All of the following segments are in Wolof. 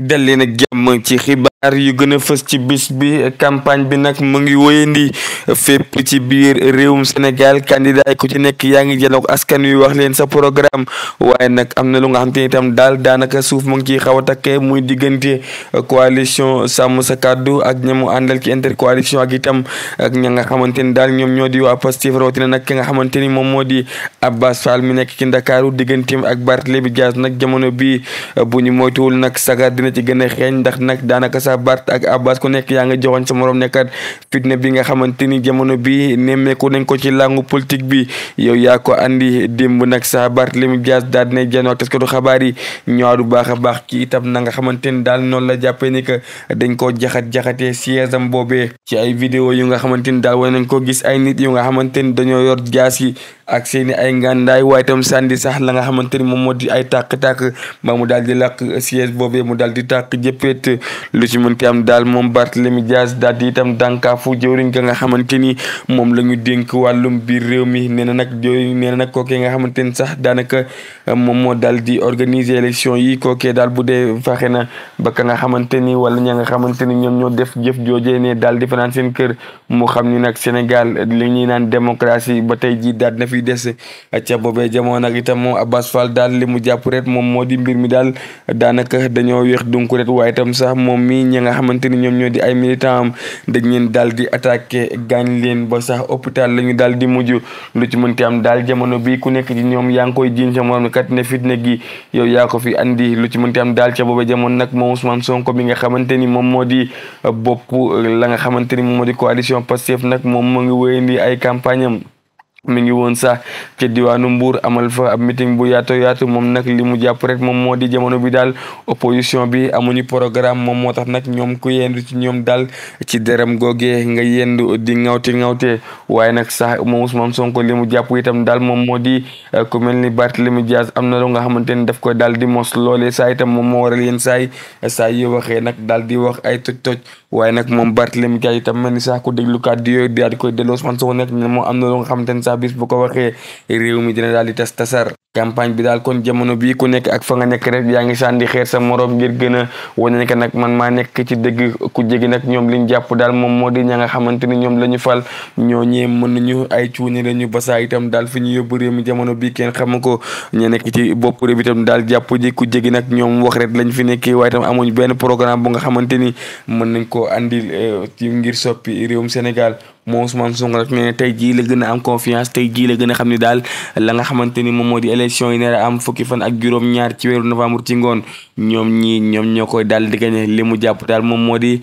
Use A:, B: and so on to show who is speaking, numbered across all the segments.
A: dal nag ak jàmm ci xibaar yu gën a fës ci bis bi campagne bi nag mu ngi wéyandi fépp ci biir réewum Sénégal candidat yi ku ci nekk yaa ngi janook askan wi wax leen sa programme waaye nag am na lu nga xam itam daal daanaka suuf mu ngi ciy xaw a takkee muy diggante coalition sàmm sa kàddu ak ñamu àndal ci intercoalition ak itam ak ña nga xamante ni daal ñoom ñoo di waa Pastef rawatina nag ki nga xamante ni moom moo di Abbas Fall mi nekk ci Ndakaaru digganteem ak Barthélémy Dias nag jamono bii bu dina ci gën a xeeñ ndax nag daanaka sa Bart ak Abbas ku nekk yaa nga joxoon sa morom nekkat fitna bi nga xamante ni jamono bi nemmeeku nañ ko ci làngu politique bi yaa ko andi démb nag sa Barthélémy Dias daal dina jenn ak taskatu xabaar yi ñaadu baax a baax ci itam na nga xamante ni daal noonu la jàppee ni que dañ koo jaxat-jaxatee siège am boobee ci ay vidéo yu nga xamante ni daal wane nañ ko gis ay nit yu nga xamante ni dañoo yor ak seeni ay ngàndaay waaye itam sànni sax la nga xamante ni moom moo di ay tàkk-tàkk ba mu daal di lakk siège boobee mu daal di tàkk jëppeet lu ci mënti am daal moom Barthélémy Dias daal di itam dànkaafu jëwriñ ga xamante ni moom la ñu dénk wàllum biir réew mi nee na nag jëwriñ nee na nag kookee nga xamante ni sax daanaka moom moo dal di organiser élection yi kookee daal bu dee faxe na ba ka nga xamante ni wala ña nga xamante ni ñoom ñoo def jëf joojee ne daal di fanaan seen kër mu xam ni nag Sénégal li ñuy naan démocratie ba tey ji daal na des ca boobee jamono ak itam moom Abbas Fall daal li mu jàpp ret moom moo di mbir mi daal daanaka dañoo weex dunku ret waaye itam sax moom mi ñi nga xamante ni ñoom ñoo di ay militant am dañ leen daal di attaqué gaañ leen ba sax hôpital la ñu daal di mujj lu ci mënti am daal jamono bi ku nekk ñoom yaa ngi koy jiiñ sa morom kat ne fitna gi yow yaa ko fi andi lu ci mënti am daal ca boobee jamono nag moom Ousmane Sonko mi nga xamante ni moom moo di bopp la nga xamante ni moom moo di coalition Pastef nag moom moo ngi wéyandi ay campagne am mi ngi woon sax ca diwaanu Mbour amal fa ab meeting bu yaato yaatu moom nag li mu jàpp rek moom moo di jamono bi daal opposition bi amuñu programme moom moo tax nag ñoom ku yendu ci ñoom daal ci dërëm googee nga yendu di ŋawte ŋawte waaye nag sax moom Ousmane li mu jàpp itam daal moom moo di eh, ku mel ni Barthélemy Diaz am na nga xamante ni daf ko daal di mos loolee saa itam moom moo waral yéen saay eh, saa yi waxee nag daal di wax ay toj toj waaye nag moom Barthélemy Dias itam mel ni sax ku déglu kàddu yooyu daal di koy delloo Ousmane Sonko nekk ne moo am na loo nga xamante ne sax bis bu ko waxee réew mi dina daal di tas tasar campagne bi daal kon jamono bii ku nekk ak fa nga nekk rek yaa ngi sànni xeer sa morom ngir gën a wane ne que nag man maa nekk ci dëgg ku jege nag ñoom liñ jàpp daal moom moo di ña xamante ni ñoom la ñu fal ñooñee mën nañu ay cuune la ñu basaa itam daal fi yóbbu réew mi jamono bii kenn xamu ko ña nekk ci bopp réew itam daal jàpp ji ku nag ñoom wax rek lañ fi nekkee waaye tam amuñ benn programme bu nga xamante ni mën nañ koo andil eh, ci ngir soppi réewum Sénégal moom Ousmane Sonko nag nee tey jii la gën a am confiance tey jii la gën a xam ni daal la nga xamante ni moom moo di élection yi nar a am fukki fan ak ñaar ci weeru novembre ci ngoon ñoom ñii ñoom ñoo koy daal di gagné li mu jàpp daal moom moo di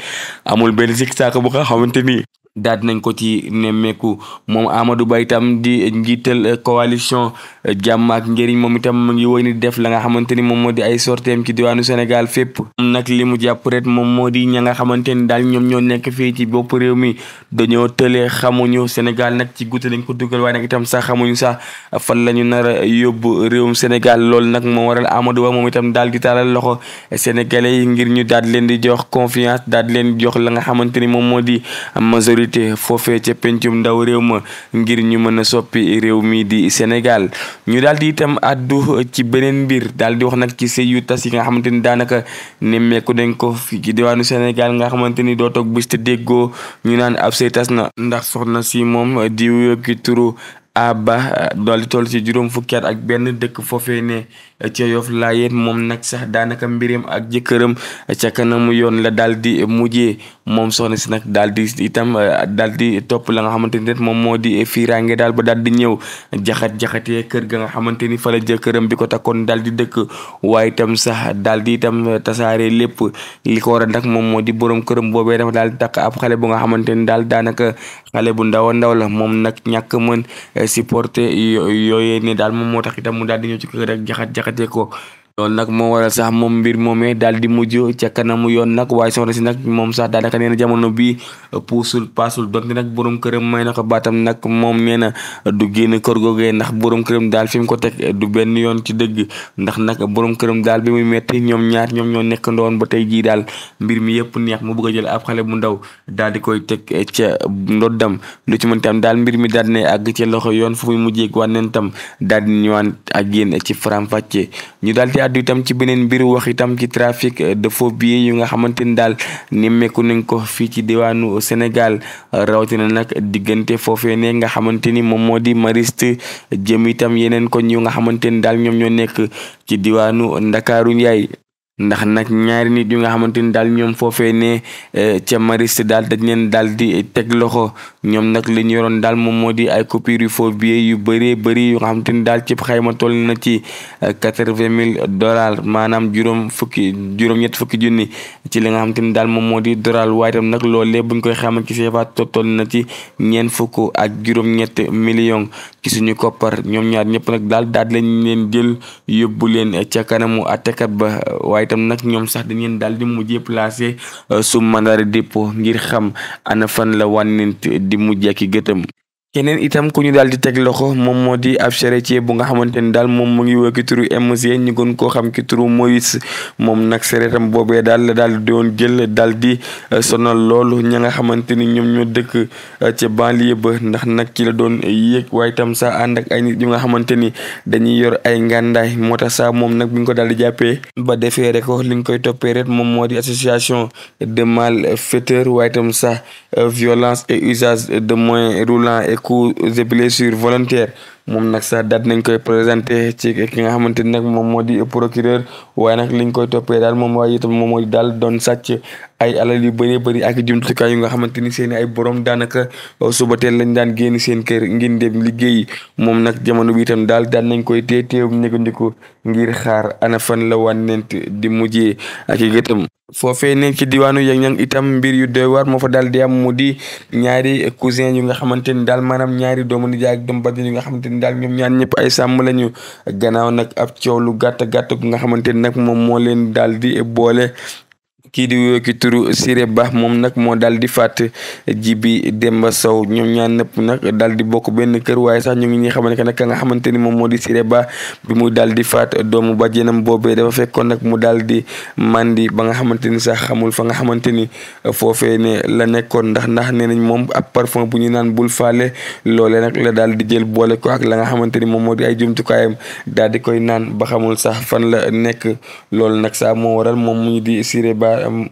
A: amul benn sikk saaka bu nga xamante ni daal nañ ko ci nemmeeku moom Amadou Ba itam di njiital eh, coalition eh, jàmm ak njëriñ moom itam mu ngi woy ni def la nga xamante ni moom moo di ay sorteem ci diwaanu Sénégal fépp nag li mu jàpp ret moom moo di ña nga xamante ni daal ñoom ñoo nekk fii ci bopp réew mi dañoo tëlee xamuñu Sénégal nag ci guute lañ ko dugal waaye nag itam sax xamuñu sax fan la ñu nar a yóbbu réewum Sénégal loolu nag moo waral Amadou Ba moom itam daal di taalal loxo sénégalais yi ngir ñu daal leen di jox confiance daal leen jox la nga xamante ni moom moo di majorité député foofee ca pencum ndaw réew ma ngir ñu mën a soppi réew mi di Sénégal ñu daal di itam àddu ci beneen mbir daal di wax nag ci sëy yu tas yi nga xamante ni daanaka nemmeeku dañ ko fi ci diwaanu Sénégal nga xamante ni doo toog bis te déggoo ñu naan ab sëy na ndax soxna si moom di wuyoo ki turu Aba daal eh, di toll ci juróom fukki ak benn dëkk foofee ne eh, ca Yoff Laayeen moom nag sax daanaka mbiram ak jëkkëram eh, ca kanamu yoon la daal di mujjee moom soxna si nag daal di itam di topp la nga xamante ni moom moo di fiiraange daal ba daal di ñëw jaxat-jaxatee kër ga nga xamante ni fa la jëkkëram bi ko takkoon daal di dëkk waaye itam sax dal di itam tasaare lépp li ko war a moom moo di borom këram boobee dafa daal di takk ab xale bu nga xamante ni daal daanaka xale bu ndaw ndaw la moom nag ñàkk mën supporter yooyee ne daal moom moo tax itam mu daal di ñëw ci kër rek jaxat jaxatee loolu nag moo waral sax moom mbir moomee daal di mujj ca kanamu yoon nag waaye soxna si nag moom sax daanaka nee na jamono bii puusul paasul donte nag borom këram may na ko baatam nag moom nee na du génn kër googee ndax borom këram daal fi mu ko teg du benn yoon ci dëgg ndax nag borom këram daal bi muy metti ñoom ñaar ñoom ñoo nekk ndoon ba tey jii daal mbir mi yëpp neex mu bëgg a jël ab xale bu ndaw daal di koy teg ca dam lu ci mën tam daal mbir mi daal ne agg ci loxo yoon fu muy mujjee ak wànneen tam daal di ñëwaat ak yéen ci faram-fàccee di itam ci beneen mbiru wax itam ci trafic de faux billets yu nga xamante ni daal nemmeeku nañ ko fii ci diwaanu Sénégal rawatina nag diggante foofee ne nga xamante ni moom moo di Mariste jëm itam yeneen ko yu nga xamante ni daal ñoom ñoo nekk ci diwaanu Ndakaaru Njaay ndax nag ñaari nit yu nga xamante ni daal ñoom foofee ne eh, ca mariste daal dañ leen daal di teg loxo ñoom nag li ñu yoroon daal moom moo di ay coupures yu faux billets yu bëree bëri yu nga ni daal ci xayma toll na ci eh, quatre-vingt mille dollars maanaam juróom fukki juróom-ñett fukki junni ci li nga xamante ni daal moom moo di dollars waaye itam nag loolee buñ koy xayma ci CFA toll na ci ñeent fukk ak juróom-ñett millions ci suñu ñoom ñaar ñëpp nag daal daal lañ leen jël yóbbu leen ca kanamu àttekat ba waaye itam nag ñoom sax dañ leen daal di mujj placé euh, su mandat de dépôt ngir xam ana fan la wànnent di mujj ak i gëtëm keneen itam ku ñu daal di teg loxo moom moo di ab charretier bu nga xamante ni daal moom mu ngi wekki turu MC ñu gën koo xam ki turu Moïse moom nag sereetam boobee daal la daal doon jël daal di euh, sonal loolu ña nga xamante ni ñoom ñoo dëkk euh, ca banlieue ba ndax nag ki la doon yéeg waaye itam saa ànd ak ay nit ñu nga xamante ni dañuy yor ay ngàndaay moo tax saa moom nag bi ñu ko daal di jàppee ba defee rek li ñu koy toppee rek moom moo di association de malfaiteurs waaye itam sax euh, violence et usage de moyens roulants ku et blessures volontaires moom nag sax daat nañ koy présenté ci ki nga xamante ni nag moom moo di procureur waaye nag liñ koy toppee daal moom waaye itam moom moo daal doon sacc ay alal yu bëree bëri ak jumtukaay yu nga xamante ni seen ay borom daanaka suba teel lañ daan génn seen kër ngeen dem liggéey moom nag jamono bi itam daal daan nañ koy téye téye ngir xaar ana fan la wànnent di mujjee ak i gëtam foofee ne ci diwaanu Yang-Yang itam mbir yu doy waar moo fa daal di am mu di ñaari cousin yu nga xamante ni daal maanaam ñaari doomu nijaay ak doom nga xamante ni nañ daal ñoom ñaan ñëpp ay sàmm lañu gannaaw nag ab coow lu gàtt gàtt bu nga xamante ni nag moom moo leen daal di boole kii di wuyoo ki turu Siré Ba moom nag moo daal di faat Jibi Demba Sow ñoom ñaan nëpp nag daal di bokk benn kër waaye sax ñu ngi ñuy xamante nag ka nga xamante ni moom moo di Siré Ba bi muy daal di faat doomu bàjjenam boobee dafa fekkoon nag mu daal di màndi ba nga xamante ni sax xamul fa nga xamante ni foofee ne la nekkoon ndax ndax nee nañ moom ab parfum bu ñu naan bul faale loolee nag daal di jël boole ko ak la nga xamante ni moom moo di ay jumtukaayam daal di koy naan ba xamul sax fan la nekk loolu nag sax moo moom di Siré Ba am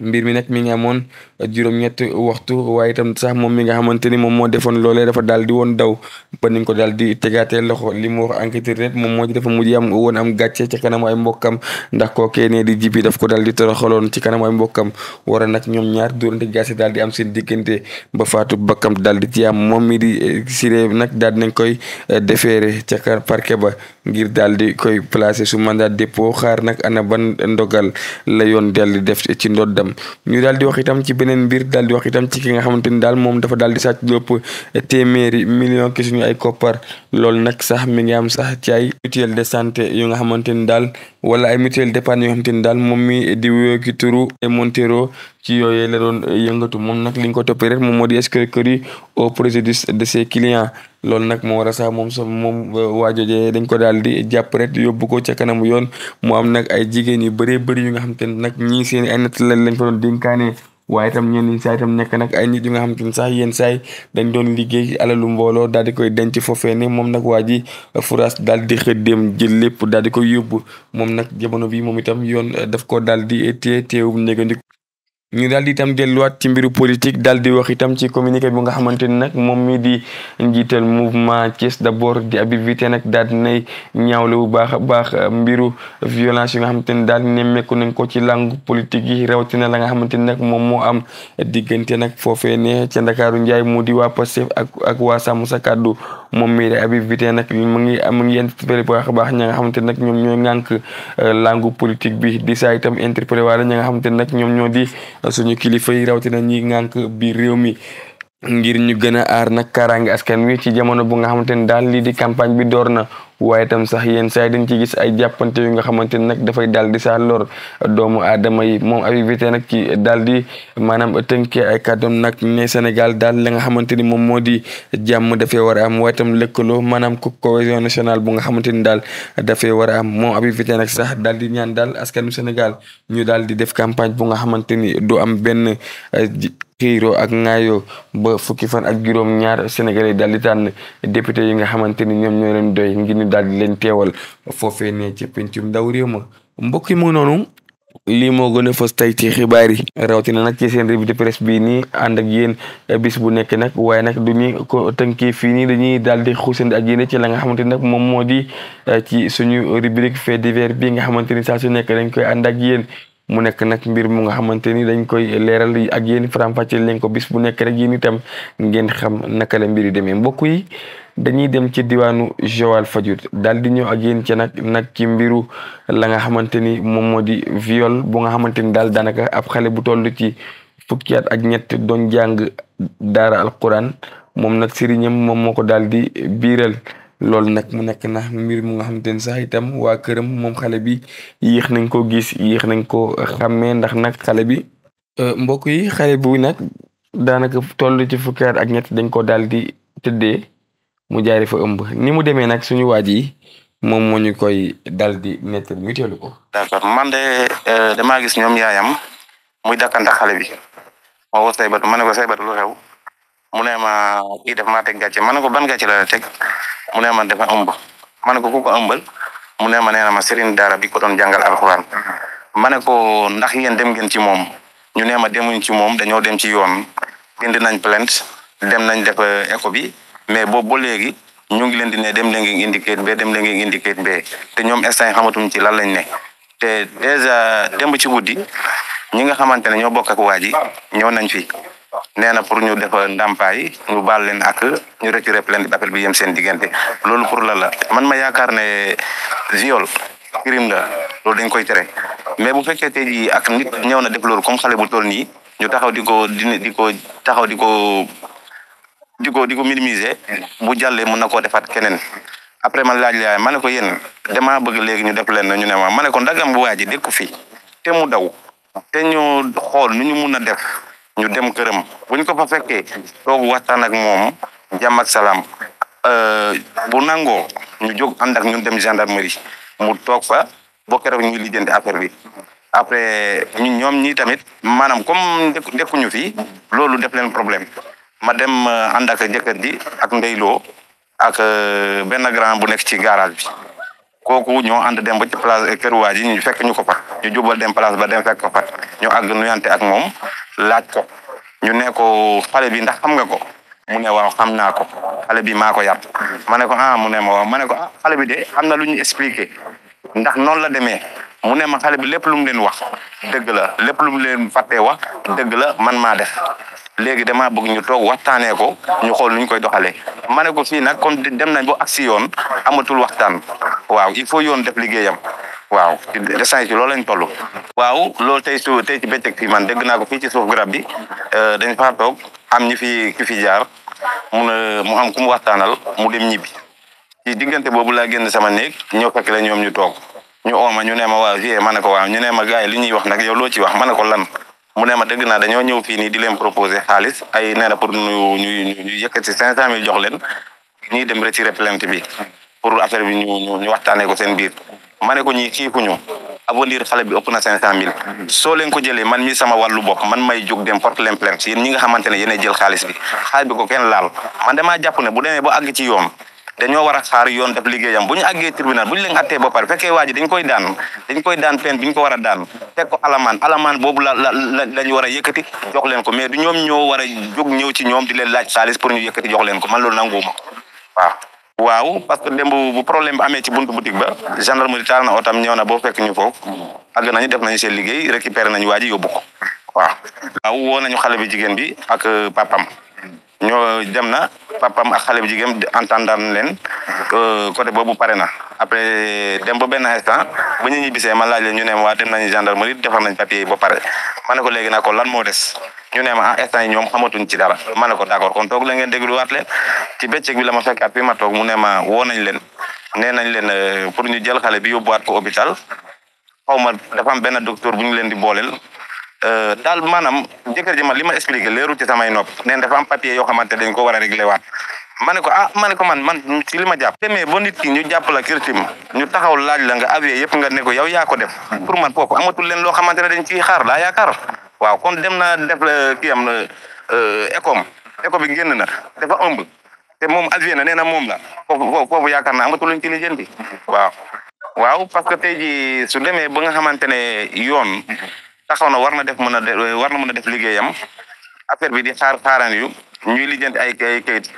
A: mbir mi nag mi ngi amoon juróom-ñett waxtu waaye itam sax moom mi nga xamante ni moom moo defoon loolee dafa daal di woon daw ba niñ ko daal di tegaatee loxo li mu wax enquêteur rek moom moo ci dafa mujj am woon am gàcce ci kanam ay mbokkam ndax koo kee ne di jibi daf ko daal di toroxaloon ci kanam ay mbokkam waroon nag ñoom ñaar dóorante gàcce daal di am seen diggante ba faatu bakkam daal di ci am moom mi di siré nag daal nañ koy eh, defeere ca parquet ba ngir daal di koy placer su mandat dépôt xaar nag ana ban ndogal la yoon daal di def ci ndoddam itam ñu daal di wax itam ci beneen mbir daal di wax itam ci ki nga xamante ni daal moom dafa daal di sàcc téeméeri million ki ay koppar loolu nag sax mi ngi am sax ci ay mutuelle de santé yu nga xamante ni daal wala ay mutuelle d'épargne yoo xamante ni daal moom mi di wéyoo ki e Montero ci yooyee la doon yëngatu moom nag li ñu ko toppee rek moom moo di escroquerie au préjudice de ses clients loolu nag moo war a sax moom sa moom waajoojee dañ ko daal di jàpp rek yóbbu ko ca kanamu yoon mu am nag ay jigéen yu bëree bëri yu nga xam te ne nag ñii seen ay natt lañ ko doon dénkaane waaye itam ñenn ñi saa itam nekk nag ay nit yu nga xam te ne sax yenn saay dañ doon liggéey alalu mbooloo daal di koy denc foofee ne moom nag waa ji furaas daal di xëddeem jël lépp daal di koy yóbbu moom nag jamono bi moom itam yoon daf ko daal di téye téewum négandik ñu daal di itam delluwaat ci mbiru politique daal di wax itam ci communiqué bi nga xamante ni nag moom mi di njiital mouvement Thiès d'abord di Habib Vité nag daal di nay ñaawlu bu baax baax euh, mbiru violence yi nga xamante ni daal nemmeeku nañ ko ci langue politique yi rawatina la nga xamante ni nag moom moo am diggante nag foofee ne ca Ndakaaru Njaay mu di waa ak ak waa Sàmm Sa Kàddu moom mi di Habib Vité nag mu ngi mu ngi interpellé bu baax a baax ña nga xamante ni nag ñoom ñooy ŋànk euh, langue politique bi di saa itam interpellé waale ña nga xamante ni nag ñoom ñoo di suñu kilifa yi rawtina ñi ngànk bi réew mi ngir ñu gën a aar nag kaaraange askan wi ci jamono bu nga xamante ne daal lii di campagne bi door na waaye tam sax yenn saa yi dañ ci gis ay jàppante yu nga xamante ni nag dafay daal di saa lor doomu aadama yi moom Habib Bité nag ci daal di maanaam tënkee ay kàddoom nag ne Sénégal daal la nga xamante ni moom moo di jàmm dafee war a am waaye tam lëkkaloo maanaam cohésion nationale bu nga xamante ni daal dafee war a am moom Habib Bité nag sax daal di ñaan daal askanu Sénégal ñu daal di def campagne bu nga xamante ni du am benn eh, xiiroo ak ŋaayoo ba fukki fan ak juróom ñaar Sénégalais daal di tànn député yi nga xamante ni ñoom ñoo leen doy ñu daal di leen teewal foofee ne ci pencum ndaw réew ma mbokk yi mu noonu lii moo gën a fës tey ci xibaar yi rawatina nag ci seen revue de presse bii nii ànd ak yéen eh, bis bu nekk nag waaye nag du ñu ko tënkee fii nii dañuy daal di xuusandi ak yéen ci la nga xamante ni moom moo di eh, ci suñu rubrique fait divers bi nga xamante ni saa su nekk dañ koy ànd yéen mu nekk nag mbir mu nga xamante ni dañ koy leeral ak yéen faram-fàcceel leen ko bis bu nekk rek yéen itam ngeen xam naka la mbir yi demee mbokk yi. dañuy dem ci diwaanu Joal Fadiouth daal di ñëw ak yéen ci nag nag ci mbiru la nga xamante ni moom moo di viol bu nga xamante ni daal daanaka ab xale bu toll ci fukki ak ñett don jàng daara alquran moom nag sëriñam moom moo ko daal di biiral loolu nag mu nekk na mbir mu nga xamante ni sax itam waa këram moom xale bi yéex nañ ko gis yéex nañ ko xàmmee ndax nag xale bi euh, mbokk yi xale bu nag daanaka toll ci fukki ak ñett dañ ko daal di tëddee mu jaari fa ëmb ni mu demee nag suñu waaj yi moom moo ñu koy dal di nett ñu teelu ko.
B: d'accord man de euh, damaa gis ñoom yaayam muy dakkante xale bi ma woo Saybatu ne ko Saybatu lu xew mu ne ma kii def maa teg gàcce ma ne ko ban gàcce la la teg mu ne ma dafa ëmb ma ne ko ku ko ëmbal mu ne ma nee na ma sëriñ daara bi ko doon jàngal alxuraan ma ne ko ndax yi yéen dem ngeen ci moom ñu ne ma demuñ ci moom dañoo dem ci yoon bind nañ plainte dem nañ def euh, écho bi. mais boobu ba léegi ñu ngi leen di ne dem leen ngeen indi kayit mbee dem leen ngeen indi kayit mbee te ñoom instant yi xamatuñ ci lan lañ ne te dèjà démb ci guddi ñi nga xamante ne ñoo bokk ak waa ji ñëw nañ fi nee na pour ñu def ndàmpaay ñu baal leen ak ñu retiré plainte d'appel bi yem seen diggante loolu pour la la man ma yaakaar ne viol crime la loolu dañ koy tere mais bu fekkee te jii ak nit ñëw na def comme xale bu toll nii ñu taxaw di ko di ko taxaw di ko di ko di ko minimiser bu jalle mën na koo defaat keneen après ma laaj la ma ne ko yéen damaa bëgg léegi ñu def leen ñu ne ma ma ne ko ndagam bu waa ji dëkku fi te mu daw te ñu xool nu ñu mun a def ñu dem këram bu ñu ko fa fekkee toog waxtaan ak moom jàmm ak salaam euh, bu nangoo ñu jóg ànd ak ñun dem gendarmerie mu toog fa boo keroog ñuy lijjanti affaire bi après ñun ñoom ñi tamit maanaam comme dëkkuñu fi loolu def leen problème ma dem euh, ànd ak jëkkër ji ak ndeyloo ak euh, benn grand bu nekk ci garage bi kooku ñoo ànd dem ba ci place kër waa ji ñu fekk ñu ko fa ñu jubal dem place ba dem fekk ko fa ñoo ak nuyante ak moom laaj ko ñu ne ko xale bi ndax xam nga ko mu ne waaw xam naa ko xale bi maa ko yar ma ne ko ah mu ne ma ma ne ko ah xale bi de am na lu ñu expliqué ndax noonu la demee mu ne ma xale bi lépp lu mu leen wax dëgg la lépp lu leen fàttee wax dëgg la man maa def léegi damaa bëgg ñu toog waxtaanee ko ñu xool nu ñu koy doxalee ma ne ko fii nag comme dem nañ ba agsi yoon amatul waxtaan waaw il faut yoon def liggéeyam waaw dessin ci loolu lañ toll. waaw loolu tey su tey ci bëccëg fii man dégg naa ko fii ci suuf garab bi euh, dañ faa toog am ñu fi ki fi jaar mun a mu mu waxtaanal mu dem ñibbi ci diggante boobu laa génn sama néeg ñoo fekk la ñoom ñu toog ñu ooma ñu ne ma waaw fii ma ne ko waaw ñu ne ma gars yi li ñuy wax nag yow loo ci wax ma ne ko lan. mu ne ma dëgg naa dañoo ñëw fi nii di leen proposé xaalis ay nee na pour ñu ñu ñu yëkkati cinq cent mille jox leen ñuy dem retiré plainte bi pour affaire bi ñu ñu waxtaanee ko seen biir ma ne ko ñii xiifuñu avenir xale bi ëpp na cinq cent mille soo leen ko jëlee man mi sama wàllu bopp man may jóg dem porte leen plainte yéen ñi nga xamante ne yéenay jël xaalis bi xaalis bi ko kenn laal man damaa jàpp ne bu demee ba àgg ci yoon dañoo war a xaar yoon def liggéeyam bu ñu àggee tribunal bu ñu leen àttee ba pare fekkee waa ji koy daan dañ koy daan peine bi ñu ko war a daan teg alamaan alamaan boobu la la lañ war a jox leen ko mais du ñoom ñoo war a jóg ñëw ci ñoom di leen laaj xaalis pour ñu yëkkati jox leen ko man loolu nanguuma waaw waaw parce que démb bu problème bi amee ci bunt buntu boutique ba gendarmerie taal na otam ñëw na boo fekk ñu foofu àgg nañu def nañ seen liggéey récupéré nañ waa ji yóbbu ko waaw waaw woo nañu xale bi jigéen bi ak euh, papam ñoo dem na papam ak xale bu jigéen entendre leen côté boobu pare na après dem ba benn instant ba ñu ñibbisee ma laaj leen ñu ne waa dem nañu gendarmerie defar nañ papier yi ba pare ma ne ko léegi ko lan moo des ñu ne ma ah, instant yi ñoom xamatuñ ci dara ma ne ko d'accord kon toog la ngeen dégluwaat leen ci bëccëg bi la ma fekkaat bi ma toog mu ne ma woo nañ leen nee nañ leen euh, pour ñu jël xale bi yóbbuwaat ko hôpital xaw ma dafa am benn docteur bu ñu leen di booleel Euh, daal maanaam jëkkër ji ma li ma expliqué leerul ci samay nopp neen dafa am papier yoo xamante dañ ko war a réglé waat ma ne ko ah ma ne ko man man ci li ma jàpp demee ba nit ki ñu jàpp la kirtim ñu taxaw laaj la nga avié yëpp nga ne ko yow yaa ko def pour man kooku amatul leen loo xamante ne dañ ciy xaar daa yaakaar waaw kon dem na def la kii am écom euh, écom bi génn na dafa ëmb te moom avié na nee na moom la foofu foofu yaakaar naa amatul luñ ci li jëndi waaw waaw parce que te ji su demee ba nga xamante ne yoon taxaw na war na def mën a war na mën a def liggéeyam bi di xaar xaaraan yu ñuy lijjanti ay ay kayit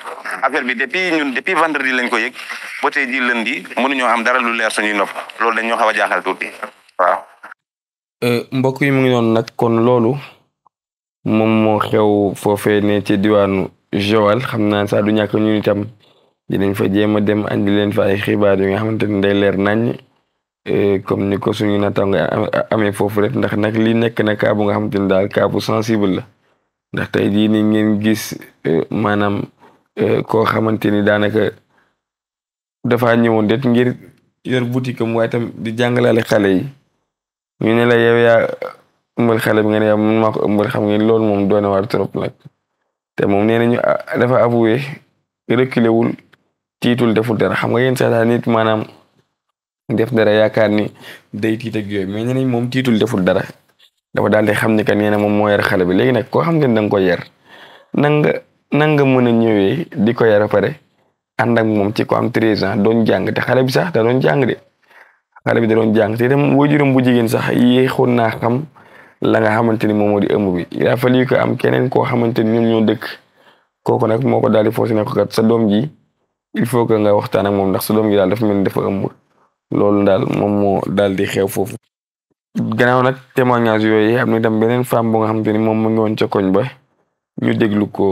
B: affaire bi depuis ñun depuis vendredi lañ ko yëg ba tey jii lundi mënuñoo am dara lu leer suñuy nopp loolu dañ ñoo xaw jaaxal tuuti waaw.
A: Euh, mbokk yi mu ngi noonu nag kon loolu moom moo xew foofee ne ci diwaanu Joal xam naa saa du ñàkk ñun itam dinañ fa jéem a dem andi leen fa ay xibaar yi nga xamante ne day leer nañ Eh, comme ni ko suñu naataango amee foofu rek ndax nag lii nekk na cas bu nga xamante ne daal cas bu sensible la ndax tey jii ni ngeen gis eh, maanaam eh, koo xamante ni daanaka dafa ñëwoon det ngir yor boutique am waaye tam di jàngalaale xale yi ñu ne la yow yaa ëmbal xale bi nga ne yaa mën maa ko ëmbal xam ngeen loolu moom doone waar trop nag te moom nee nañu ah, dafa avoué wul tiitul deful dara xam nga yen sax nit maanaam. def dara yaakaar ni day tiit ak yooyu mais ñeneen moom tiitul deful dara dafa daal di xam ne que nee na moom moo yar xale bi léegi nag ko xam ne danga ko yar nanga nanga mën a ñëwee di ko yar a pare ànd ak moom ci ko am 13 ans doon jàng xale bi sax da doon jàng de xale bi da doon jàng te itam waajuram bu jigéen sax yéexoon naa xam la nga xamante ni moom moo di ëmb bi il a fallu que am keneen koo xamante ni ñoom ñoo dëkk kooku nag moo ko daal di forcé ne ko kat ji il faut que nga waxtaan ak moom ndax sa doom ji daal dafa mel ni dafa ëmb. loolu daal moom moo dal di xew foofu gannaaw nag témoignage yooyu am na itam beneen femme bu xam xamante ni moom moo ngi woon ca koñ ba ñu déglu ko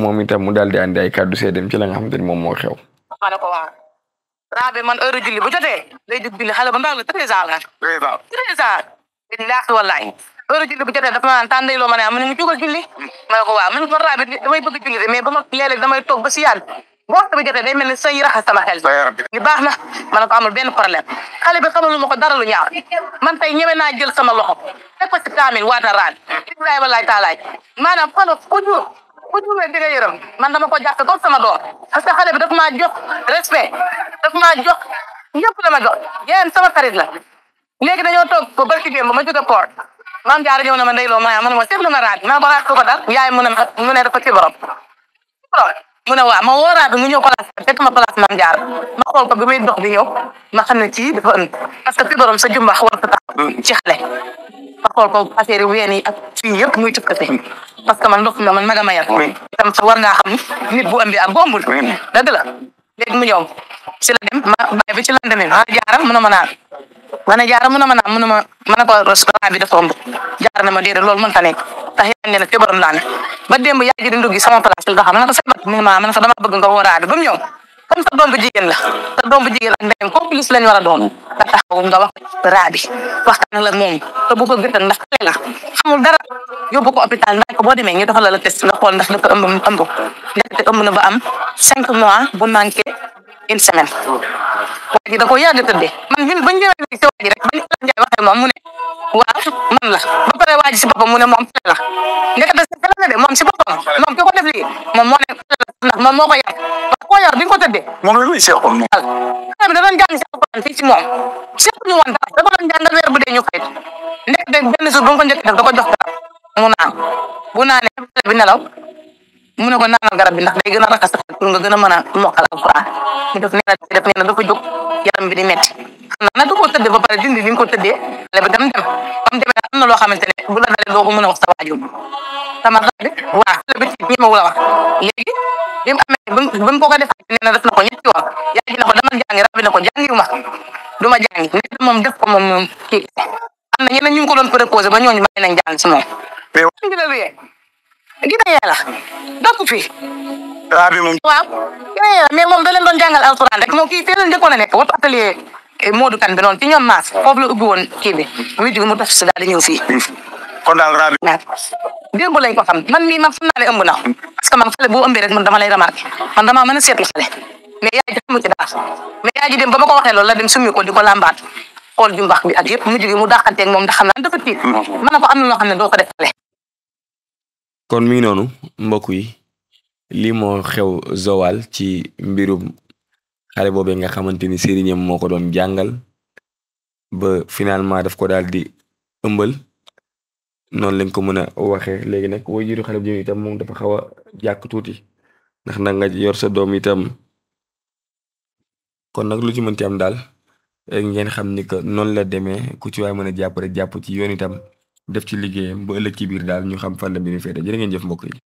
A: moom itam mu daal di àndi ay kàddu seedem ci la nga xamante moom moo xew.
C: ma ne man heure julli bu jotee day jóg julli xale ba ndaw la treize ans la. treize ans treize ans. billaahi wallaahi heure julli loo ma ne am na mu jógal julli. ma bëgg julli mais ba ma léeg damay toog ba si bu waxtu bi jotee day mel ni say raxas sama xel bi baax na ma ne ko amul benn problème xale bi xamaluma ko dara lu ñaaw man tey ñeme naa jël sama loxo teg ko ci kaamil waata raan billaay wallaay taalaay maanaam xalo ku juur ku juuree di nga yërëm man dama ko jàpp comme sama doom parce que xale bi daf maa jox respect daf maa jox ñëpp la ma jox yéen sama xarit la léegi dañoo toog ba barki démb ma jóge port maam jaara ñëw na ma ndeyloo ma ma ne ma seetlu nga raad ma ne ko raad ko ko dar yaay mu ne ma mu ne dafa ci borom mu ne waaw ma wooraat mu ñëw place fekk ma place Mame Diarra ma xool ko bi muy dox di ñëw ma xam ne kii dafa ënd parce que feebaram sa jumbax war ta tax ci xale ma xool ko affaire ween yi ak fii yëpp muy tëkkate parce que man ndox ma man maga yar tam sa war ngaa xam nit bu ëmbi ak bombul dëgg la léegi mu ñëw si la dem ma bàyyi ba ci lendemain ma jaaram mu ne ma ma ne a mu ne ma a mu ne ma ma ko restaurant dafa ëmb jaara ne ma déedéet loolu mënta nekk ndax yéen ne na feebaroon laa ne ba démb yaa ji di ndugg sama place bi dama bëgg nga wóoraale a doon nga taxaw nga wax raabi waxtaan la moom te bu ko ndax xale la xamul dara yóbbu ko hôpital ndax ko boo demee ñu defal la test nga xool ndax dafa ëmb ëmb ndekete ëmb na ba am cinq mois bu manqué une semaine waa ji da ko yàgg tëddee man ñun bañ ñëwee si waa ji rek bañ Elhadji Ndiaye waxee moom mu ne waaw man la ba pare waa ji si boppam mu ne moom fële la ndekete si la de moom si boppam moom ki ko def lii moom moo ne ko yar waaw ko tëddee moom la muy seexoon moom da doon jàng si alxuraan fii si moom seexuñu woon dara da ko doon jàngal weer bu dee ñu fayit ndekete benn jour ba nga ko njëkk def ko jox dara mu naan bu naanee bi nelaw mu ne ko naanal garab bi ndax day gën a raxas pour nga gën a mën a mokkal alquran ñu def nee na def nee na dafa jóg bi di metti xam naa da koo tëddee ba pare dindi ko tëddee xale bi dem dem am na loo xamante ne bu la ko mën a wax sa waajur sama xale bi waa xale bi ci ñemewu la wax léegi bi mu amee ba ko ko defee na def na ko ñetti yoon yaay ji na ko dama jàngi rab na ko jàngiwu ma du ma jàngi moom def ko moom moom kii am na ñeneen ñu ngi ko doon proposé ba ñooñu bàyyi nañ jàng si moom gina yàlla dëkk fi
B: waaw bi moom waaw
C: gina yàlla mais moom da leen doon jàngal alxuraan rek moom kii fee leen njëkkoon a nekk watu atelier Modou Kane bi noonu kii bi mu def si daal di ñëw fii hmm. kon daal rabi démb lañ man na parce que boo ëmbee rek man lay remarqué man damaa mën a seetlu xale mais yaay ji xamu ci ko bi ak yëpp mu jóge mu dàqanteeg moom ndax xam na hmm. ko am na loo xam ne doo ko def xale
A: kon mi ngi noonu mbokk yi lii moo xew Joal ci mbirum xale boobee nga xamante ni sëriñam moo ko doon jàngal ba finalement daf ko daal di ëmbal noonu lañ ko mën a waxee léegi nag way juru xale bu jëm moom dafa xaw a jàkk tuuti ndax nag nga yor sa doom itam kon nag lu ci mënti am daal ngeen xam ni que noonu la demee ku ci waay mën a jàpp jàpp ci yoon itam def ci liggéeyam bu ëllëg ci biir daal ñu xam fan la mbir mi féete jërë ngeen